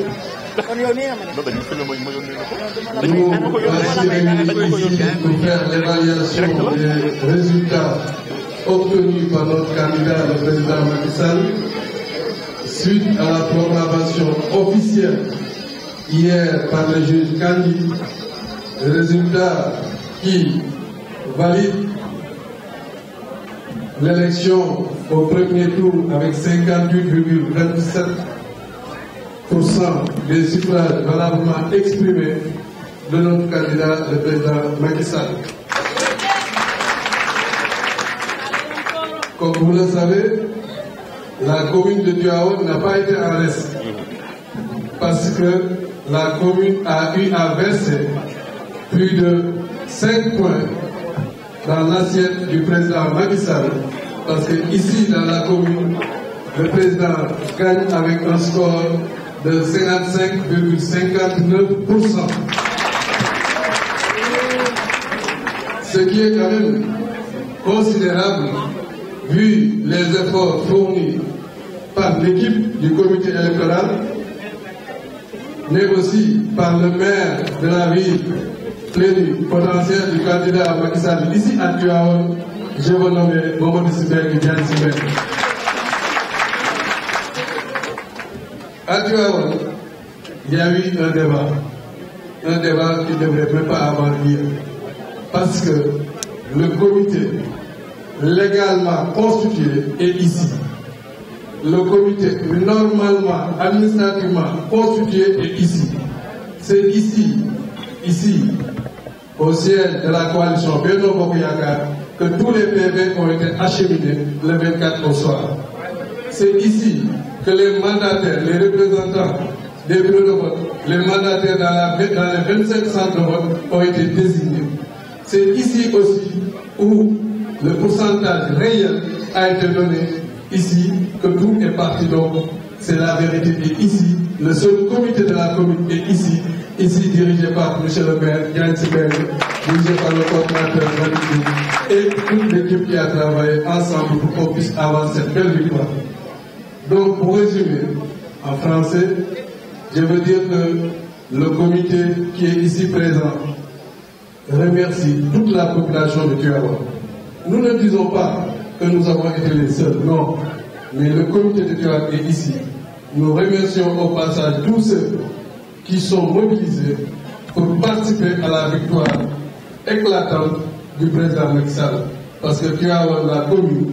Nous yow ici pour faire l'évaluation des résultats obtenus par notre candidat le président Macky Sall suite à la proclamation officielle hier par le juge Kandi, Le résultats qui valide l'élection au premier tour avec 58,27 des suffrages valablement exprimés de notre candidat, le président Macky Sall. Comme vous le savez, la commune de Tuao n'a pas été en reste parce que la commune a eu à verser plus de 5 points dans l'assiette du président Macky Sall parce que ici dans la commune, le président gagne avec un score de 55,59%. Ce qui est quand même considérable vu les efforts fournis par l'équipe du comité électoral, mais aussi par le maire de la ville potentiel du candidat à Makissal, ici à Tuaon, je vous nomme Diane Sibek À il y a eu un débat, un débat qui ne devrait même pas avoir lieu, parce que le comité légalement constitué est ici. Le comité normalement, administrativement constitué est ici. C'est ici, ici, au siège de la coalition Benoît Bokoyaka, que tous les PV ont été acheminés le 24 au soir. C'est ici que les mandataires, les représentants des bureaux de vote, les mandataires dans, les 27 centres de vote ont été désignés. C'est ici aussi où le pourcentage réel a été donné, ici que tout est parti donc. C'est la vérité et ici, le seul comité de la commune est ici, ici dirigé par M. le maire, dirigé par le coordinateur et toute l'équipe qui a travaillé ensemble pour qu'on puisse avoir cette belle victoire. Donc, pour résumer, en français, je veux dire que le comité qui est ici présent remercie toute la population de Tuawa. Nous ne disons pas que nous avons été les seuls, non. Mais le comité de Tuawa est ici. Nous remercions au passage tous ceux qui sont mobilisés pour participer à la victoire éclatante du président Macky Parce que Tuawa, la commune,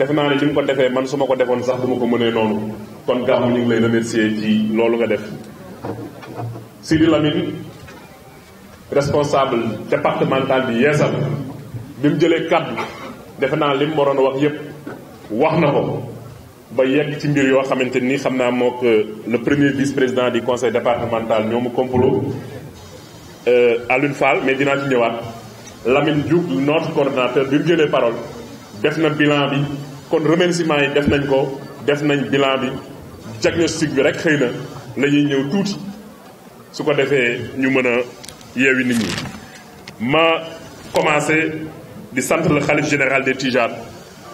defe naa ne ni mu ko defee man su ma ko defoon sax du ma ko mënee noonu kon gàmm ñu ngi lay remercier ci loolu nga def Sidi Lamine responsable départemental bi yeesal bi mu jëlee kàddu defe naa li waroon wax yépp wax na ko ba yegg ci mbir yoo xamante ni xam naa euh, le premier vice président du conseil départemental ñoo mu complot euh, Alioune Fall mais dinaa ci ñëwaat Lamine Diouf notre coordinateur bi mu jëlee parole def na bilan bi kon remerciements yi def nañ ko def nañ bilan bi diagnostic bi rek xëy na lañuy ñëw tuuti su ko defee ñu mën a yeewi nit ñi ma commencé di sant le xalif général des Tijanes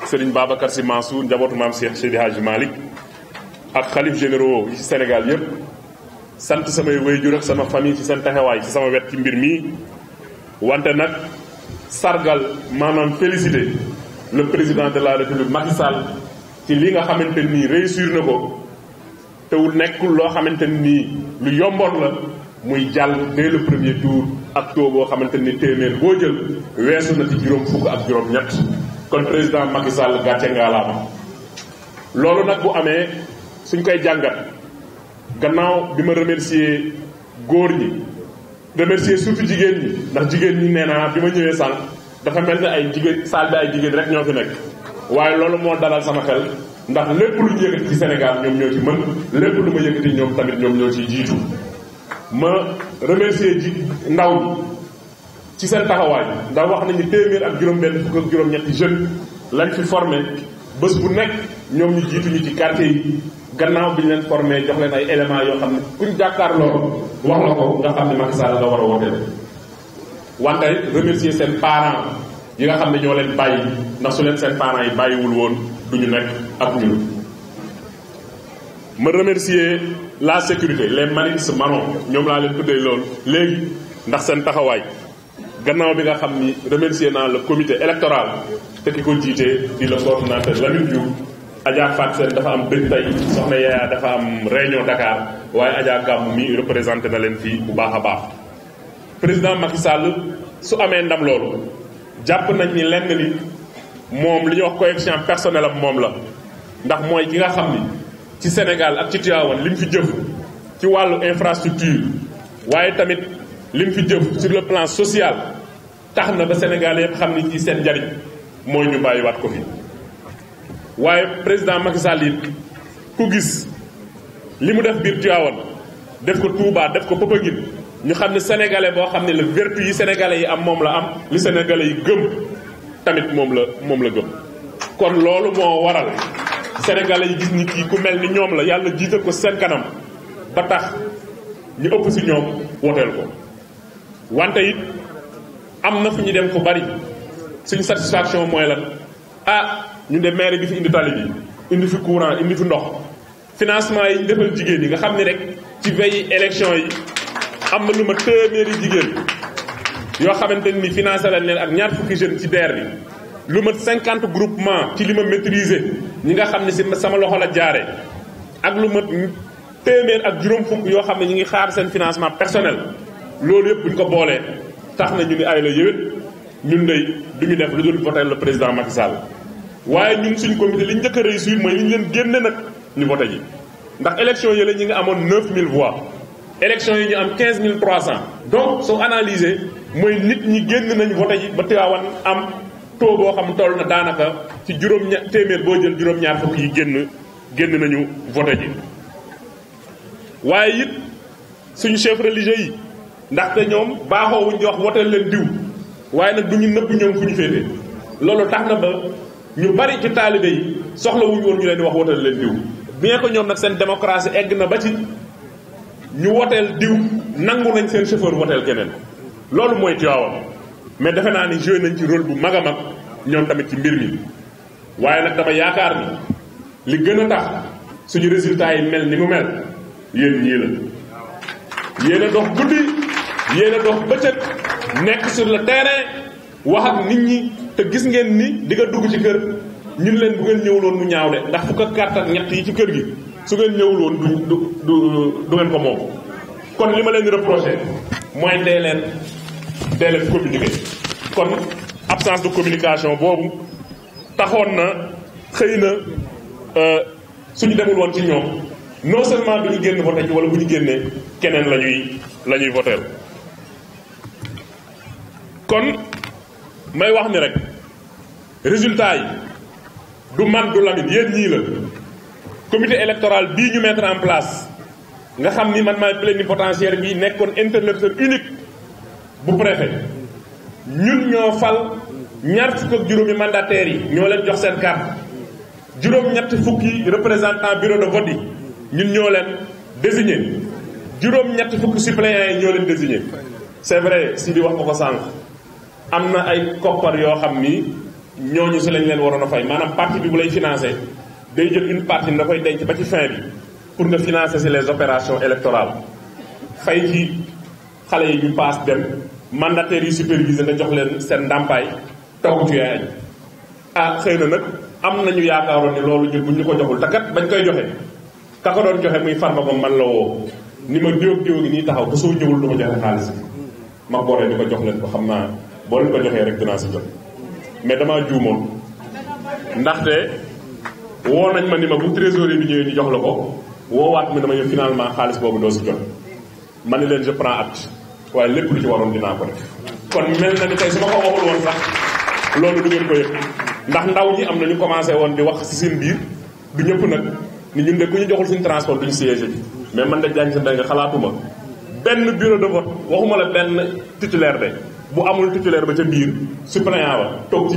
Serigne Babacar Sy Mansour njabootu maam Cheikh Seydi Hadji ak xalif généraux yi ci Sénégal yëpp sant samay waajur ak sama famille ci seen taxawaay ci sama wet ci mbir mi wante nag sargal maanaam félicité le président de la république Macky Sall ci li nga xamante nii réussir na ko te nekkul loo xamante nii lu yomboon la muy jàll dès le premier tour ak taux boo xamante ni téeméer boo jël weesu na ci juróom fukk ak juróom ñett kon président Macky Sall gàcce ngaalaama loolu nag bu amee suñ koy jàngat gannaaw bi ma remercier góor ñi remercier surtout jigéen ñi ndax jigéen ñi nee naa bi ma ñëwee sànq dafa mel ay jigéen salle bi ay jigéen rek ñoo fi nekk waaye loolu moo dalal sama xel ndax lépp lu ñu yëkkati ci Sénégal ñoom ñoo ci mën lépp lu ma yëkkati ñoom tamit ñoom ñoo ci jiitu ma remercier ji ndaw bi ci seen taxawaay ndax wax nañu téeméer ak juróom-benn fukk ak juróom-ñetti jeune lañ fi formé bés bu nekk ñoom ñu jiitu ñu ci quartier yi gannaaw bi ñu leen formé jox leen ay éléments yoo xam ne kuñ jàkkaar wax la ko nga xam ne Macky Sall nga war a wootee wante remercier seen parent yi nga xam ne ñoo leen bàyyi ndax su leen seen parent yi bàyyiwul woon du ñu nekk ak ñun. ma remercier la sécurité les si marrons ñoom laa leen tuddee lool léegi ndax seen taxawaay gannaaw bi nga xam ni remercier naa le comité électoral te ki ko jiitee di le coordonnateur Lamine Diouf Adja Fat Seen dafa am dëj tey soxna Yaya dafa am réunion Dakar waaye Adja Gàmmu mi représenté na leen fii bu baax a baax président Macky Sall su amee ndam loolu jàpp nañ ni lenn li moom li ñuy wax coefficient personnel am moom la ndax mooy ki nga xam ni ci Sénégal ak ci Tivaouane li mu fi jëf ci wàllu infrastructure waaye tamit li mu fi jëf sur le plan social tax na ba Sénégal yëpp xam ni ci seen njariñ mooy ñu bàyyiwaat ko fi waaye président Macky Sall it ku gis li mu def biir Tivaouane def ko Touba def ko Popenguine ñu xam ne sénégalais boo xam ne la vertu yi sénégalais yi am moom la am li sénégalais yi gëm tamit moom la moom la gëm kon loolu moo waral sénégalais yi gis ni kii ku mel ni ñoom la yàlla jiital ko seen kanam ba tax ñu ëpp si ñoom woteel ko wante it am na fu ñu dem ko bari suñu satisfaction mooy lan ah ñu de maire bi fi indi tali bi indi fi courant indi fi ndox financement yi defal jigéen yi nga xam ne rek ci veille élection yi am na lu ma téeméeri jigéen yoo xamante ni financé la leen ak ñaar fukki jeunes ci DER bi lu ma cinquante groupement ci li ma maîtriser ñi nga xam ne si sama loxo la jaare ak lu ma téeméer ak juróom fukk yoo xam ne ñi ngi xaar seen financement personnel loolu yëpp bu ñu ko boolee tax na ñu ni ay la yëwét ñun day du ñu def lu dul voté le président Macky Sall waaye ñun suñ comité li ñu njëkk a réussir mooy li ñu leen génne nag ñu voté ji ndax élection yële ñi nga amoon 9000 voix élection yi ñu am 15300 donc so analyser moy nit ñi génn nañ voté ji ba Tivaouane am taux bo xam toll na daanaka ci juróom ña téeméer boo jël juróom-ñaar fukk yi génn génn nañu voté ji waaye it suñu chef religieux yi ndaxte ñoom baaxoo wuñ di wax woteel leen diw waaye nag du ñu nëbb ñoom fu ñu féete loolu tax na ba ñu bari ci talibé yi soxla wuñu woon ñu leen wax woteel leen diw bien que ñoom nag seen démocratie egg na ba ci ñu woteel diw nangu nañ seen chauffeur woteel keneen loolu mooy Tivaouane mais defe naa ni joué nañ ci rôle bu mag a mag ñoom tamit ci mbir mi waaye nag dafa yaakaar ni li gën a tax suñu résultat yi mel ni mu mel yéen ñii la yéen dox guddi yéen a dox bëccëg nekk sur le terrain wax ak nit ñi te gis ngeen ni di nga dugg ci kër ñun leen bu ngeen ñëwuloon mu ñaaw de ndax fukk ak kàtt ak ñett yi ci kër gi su ngeen ñëwul woon du du du ngeen ko moom kon li ma leen di reproché mooy dee leen dee leen communiqué kon absence de communication boobu taxoon na xëy na euh, suñu demul woon ci ñoom non seulement du ñu génn voté ci wala bu ñu génnee keneen la ñuy la ñuy voteel kon may wax ni rek résultat yi du man du Lamine yéen ñii la. comité électoral bii ñu mettre en place nga xam ni man maay plénipotentiaire bi nekkoon interlocuteur unique bu préfet ñun ñoo fal ñaar fukk ak juróomi mandataires yi ñoo leen jox seen carte juróom ñetti fukki représentant bureau de vote ñun ñoo leen désigné juróom ñetti fukki suppléants yi ñoo leen désigné c'est vrai si di wax ko ko sànq am na ay koppar yoo xam ni ñooñu si lañ leen waroon a fay maanaam parti bi bu lay financé day jël une partie da koy denc ba ci fin bi pour nga financer si les opérations électorales fay ci xale yi ñu paas dem mandataires yi supervisé nga jox leen seen ndàmpaay taw ci yaay ah xëy na nag am nañu yaakaaroon ne loolu ñun bu ñu ko joxul te kat bañ koy joxe ka ko doon joxe muy farma moom man la woo ni ma diw diw nii taxaw ba soo ñëwul du ma joxe xaalis bi ma boole di ko jox leen ko xam naa boo leen ko joxee rek dinaa si jot mais damaa woo nañ ma ni ma bu trésorier bi ñëwee ñu jox la ko woowaat mi dama ñëw finalement xaalis boobu doo si jot ma ni leen je prends acte waaye lépp lu ci waroon dinaa ko def kon mel na ni tey su ma ko waxul woon sax loolu du ngeen ko ndax ndaw ñi am na ñu commencé woon di wax si seen biir du ñëpp nag ni ñun de ku ñu joxul suñu transport duñu siège bi mais man de jàng si nga xalaatuma benn bureau de vote waxuma la benn titulaire de bu amul titulaire ba ca biir suppléant wa toog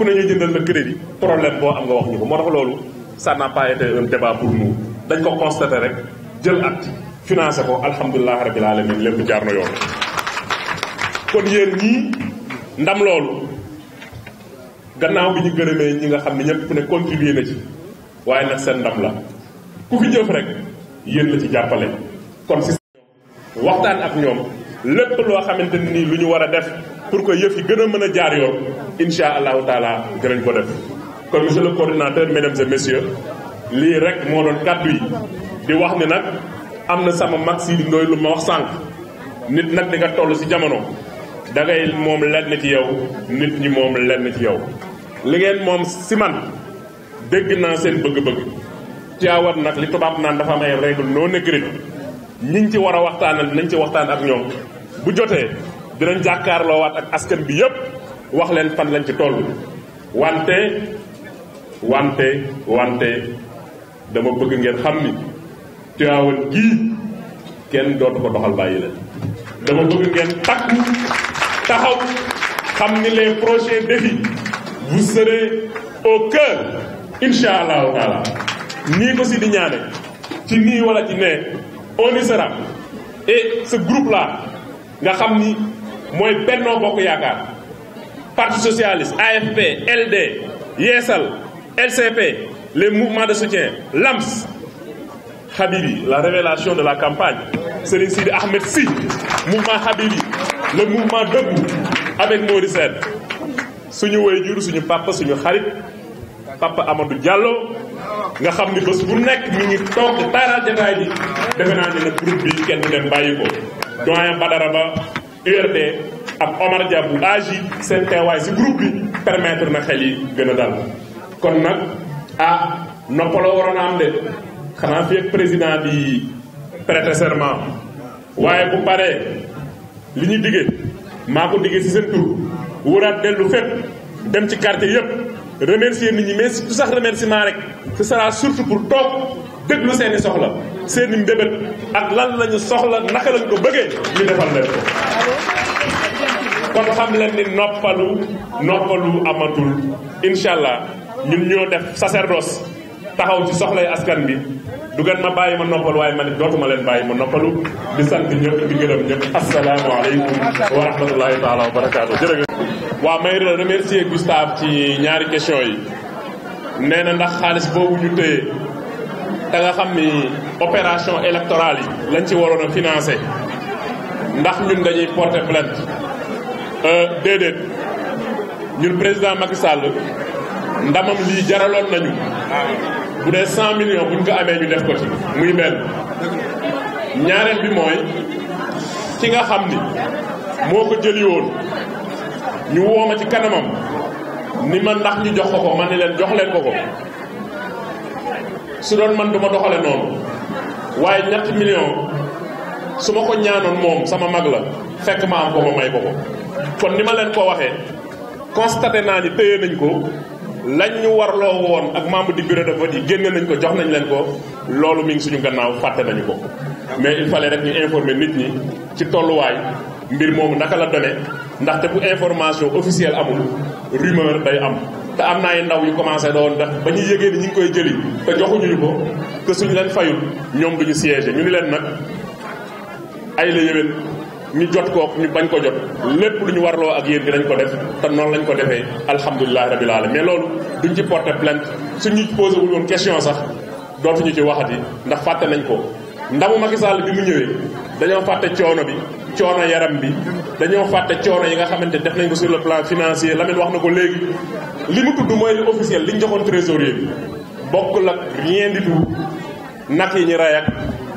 ku ne ñu jëndal la crédit problème boo am nga wax ñu ko moo tax loolu ça n'a pas été un pour nous dañ ko constaté rek jël at financé ko alhamdulilah rabil alamin lépp jaar na yoon kon yéen ñii ndam loolu gannaaw bi ñu gërëmee ñi nga xam ne ñëpp ku ne contribué na ci waaye nag seen ndam la ku fi jëf rek yéen la ci jàppale kon si waxtaan ak ñoom lépp loo xamante ni lu ñu war a def pour que yëf yi gën a mën a jaar yoon incha allahu taala dinañ ko def. kon monsieur le coordinateur mesdames et messieurs lii rek moo doon kàddu yi di wax ni nag am na sama mag si ndooy lu ma wax sànq nit nag di nga toll si jamono da ngay moom lenn ci yow nit ñi moom lenn ci yow. li ngeen moom si man dégg naa seen bëgg-bëgg Tiwaawan nag li tubaab naan dafa am ay règle non écrite ñi ñu ci war a waxtaanal nañ ci waxtaan ak ñoom bu jotee. dinañ jàkkaarloowaat ak askan bi yépp wax leen fan lañ ci toll wante wante wante dama bëgg ngeen xam ni Tiwaawan gii kenn dootu ko doxal bàyyi leen dama bëgg ngeen takku taxaw xam ni les prochains défis vous serez au cœur insha allahu taala nii ko si di ñaane ci nii wala ci nee on y sera et ce groupe là nga xam ni moy Benno boku parti socialiste AFP LD YSL, LCP les mouvements de soutien LAMS Habibi la révélation de la campagne Serigne Sidi Ahmed Si, mouvement Habibi le mouvement debout avec Mori Sène suñu waajur suñu papa suñu xarit papa Amadou Diallo nga xamni ni bu nek mi ngi bi groupe bi kenn dem bayiko URD ab Omar Dia bu agi seen teewaay si groupe bi permettre na xel yi gën a daal kon nag ah noppaloo waroon a am de xanaa fi ak président bi prêter waaye bu paree li ñu diggee maa ko diggee si seen tur wuraat dellu fépp dem ci quartier yépp remercier nit ñi mais surtout sax remerciement rek ce sera surtout pour toog déglu seeni soxla seen i mbébét ak lan lañu soxla naka lañ ko bëggee ñu defal leen ko kon xam leen ni noppalu noppalu amatul incha ñun ñoo def sacerdoce taxaw ci soxlay askan bi du gën ma bàyyi ma noppalu waaye man it dootuma leen bàyyi ma noppalu di sant ñëpp di gërëm ñëpp asalaamaaleykum wa rahmatullahi taala wa barakaatu jërëjëf waaw may remercier Gustave ci ñaari question yi nee ndax xaalis boobu ñu téye da nga xam ni opération électorale yi lañ ci waroon a financé ndax ñun dañuy porter plainte euh, déedéet ñun président Macky Sall ndamam lii jaraloon nañu bu dee cent millions buñ ko amee ñu def ko ci muy benn ñaareel bi mooy ki nga xam ni moo ko jëli woon ñu wooma ci kanamam ni ma ndax ñu jox ko ko ma ni leen jox leen ko ko su doon man du ma doxale noonu waaye ñetti million su ma ko ñaanoon moom sama mag la fekk ma am ko ma may ko ko kon ni ma leen ko waxee constaté naa ni téye nañ ko lañ ñu warloo woon ak membre du bureau de vote yi génne nañ ko jox nañ leen ko loolu mu ngi suñu gannaaw fàtte nañu ko mais il fallait rek ñu informer nit ñi ci tolluwaay mbir moomu naka la demee ndaxte bu information officielle amul rumeur day am te am na ndaw yu commencé doon def ba ñu yëgee ni ñu ngi koy jëli te joxuñu ko te suñu leen fayul ñoom ñu siégé ñu ni leen nag ay la yéwén ñu jot kook ñu bañ ko jot lépp lu ñu warloo ak yéen dinañ ko def te noonu lañ ko defee alhamdulilahi rabil alamin mais loolu duñ ci porter plainte suñu posé wul question sax dootuñu ci waxati ndax fàtte nañ ko ndamu Macky Sall bi mu ñëwee dañoo fàtte coono bi coono yaram bi dañoo fàtte coono yi nga xamante def nañ ko sur le plan financier Lamine wax na ko léegi li mu tudd mooy li officiel liñ joxoon trésorier bi bokkul ak rien du tout nak yi ñu ray ak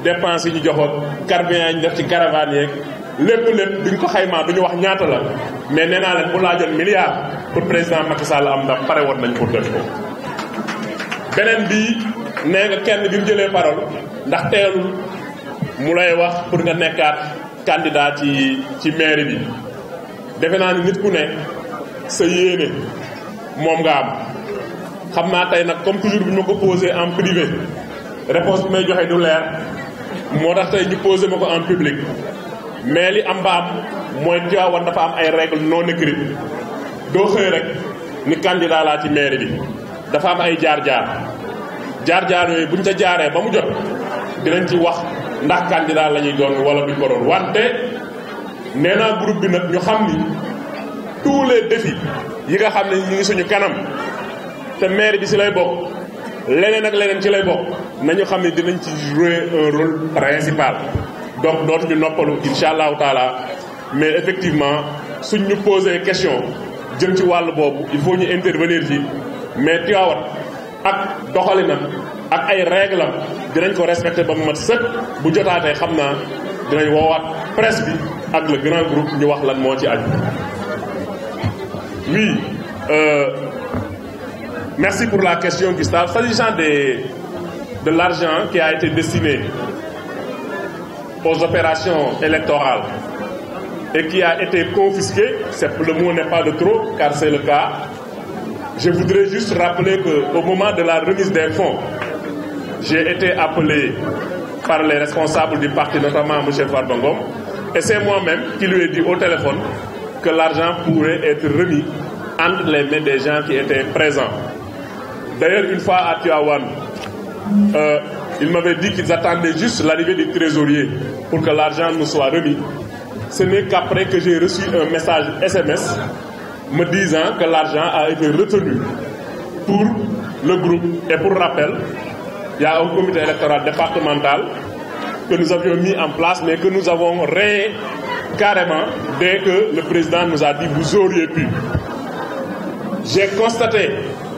dépenses yi ñu joxoon carburant yi ñu def ci caravane yeeg lépp lépp duñ ko xaymaa duñu wax ñaata la mais nee naa leen bu laajoon milliard pour président Macky Sall am ndax pare woon nañ ko def ko beneen bi nee nga kenn bi mu jëlee parole ndax teelul mu lay wax pour nga nekkaat candidat ci ci mairie bi defe naa ni nit ku ne sa yéene moom nga am xam naa tey nag comme toujours bi ma ko posé en privé réponse bi may joxe du leer moo tax tey ñu posé ma ko en public mais li am ba am mooy dafa am ay règles non écrites doo xëy rek ni candidat bi dafa am ay jaar-jaar jaar-jaar yooyu buñ ca jaaree ba mu jot dinañ ci wax ndax candidat lañuy doon wala duñ ko doon wante nee naa groupe bi nag ñu xam ni tous les défis yi nga xam ne ñu ngi suñu kanam te maire bi si lay bokk leneen ak leneen ci lay bokk nañu xam ne dinañ ci jouer un rôle principal donc dootuñu noppalu incha allahu taala mais effectivement suñ ñu posé question jëm ci wàll boobu il faut ñu intervenir ci mais Tivaouane ak doxalinam ak ay règle dinañ ko respecté ba mu mat sëkk bu jotaatee xam naa dinañ woowaat presse bi ak le grand groupe ñu wax lan moo ci aju oui euh, merci pour la question Gustave s'agissant des de l'argent qui a été destiné aux opérations électorales et qui a été confisqué, le mot n'est pas de trop car c'est le cas, je voudrais juste rappeler qu'au moment de la remise des fonds, j'ai été appelé par les responsables du parti, notamment M. Fardongom. et c'est moi-même qui lui ai dit au téléphone que l'argent pourrait être remis entre les mains des gens qui étaient présents. D'ailleurs, une fois à Tiawan, euh, ils m'avaient dit qu'ils attendaient juste l'arrivée du trésorier pour que l'argent nous soit remis. Ce n'est qu'après que j'ai reçu un message SMS me disant que l'argent a été retenu pour le groupe. Et pour rappel, y a un comité électoral départemental que nous avions mis en place, mais que nous avons rien carrément dès que le président nous a dit vous auriez pu. J'ai constaté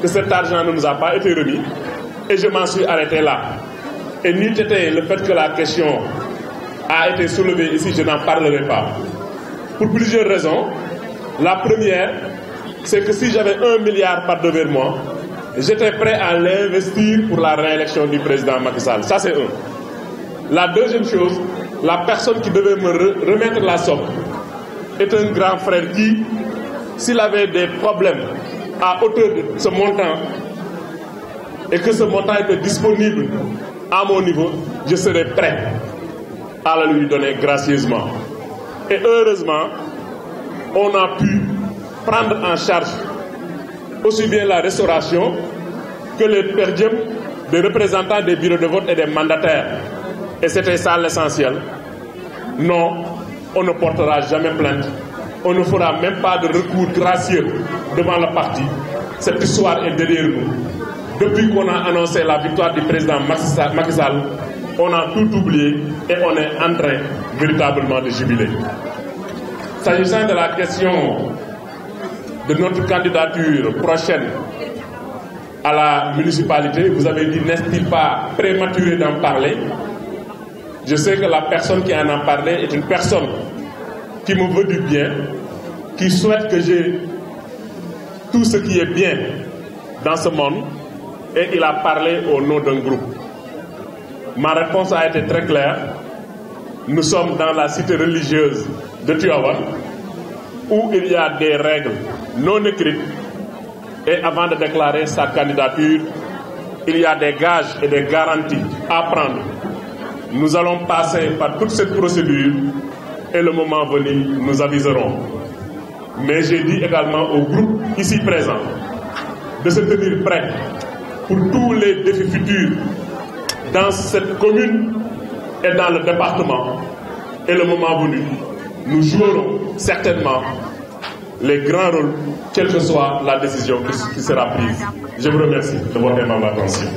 que cet argent ne nous a pas été remis et je m'en suis arrêté là. Et n'eût été le fait que la question a été soulevée ici, je n'en parlerai pas. Pour plusieurs raisons. La première, c'est que si j'avais un milliard par devant moi, j'étais prêt à l'investir pour la réélection du président Macky Sall. Ça, c'est un. La deuxième chose, la personne qui devait me remettre la somme est un grand frère qui, s'il avait des problèmes à hauteur de ce montant, et que ce montant était disponible à mon niveau, je serais prêt à le lui donner gracieusement. Et heureusement, on a pu prendre en charge aussi bien la restauration que le perdium des représentants des bureaux de vote et des mandataires. Et c'était ça l'essentiel. Non, on ne portera jamais plainte. On ne fera même pas de recours gracieux devant le parti. Cette histoire est derrière nous. Depuis qu'on a annoncé la victoire du président Macky Sall, on a tout oublié et on est en train véritablement de jubiler. S'agissant de la question de notre candidature prochaine à la municipalité, vous avez dit n'est-il pas prématuré d'en parler Je sais que la personne qui en a parlé est une personne qui me veut du bien, qui souhaite que j'ai tout ce qui est bien dans ce monde, et il a parlé au nom d'un groupe. Ma réponse a été très claire. Nous sommes dans la cité religieuse de Tuawan, où il y a des règles non écrites et avant de déclarer sa candidature, il y a des gages et des garanties à prendre. Nous allons passer par toute cette procédure et le moment venu, nous aviserons. Mais j'ai dit également au groupe ici présent de se tenir prêt pour tous les défis futurs dans cette commune et dans le département. Et le moment venu, nous jouerons certainement les grands rôles, quelle que soit la décision qui, sera prise. Je vous remercie de votre aimable attention.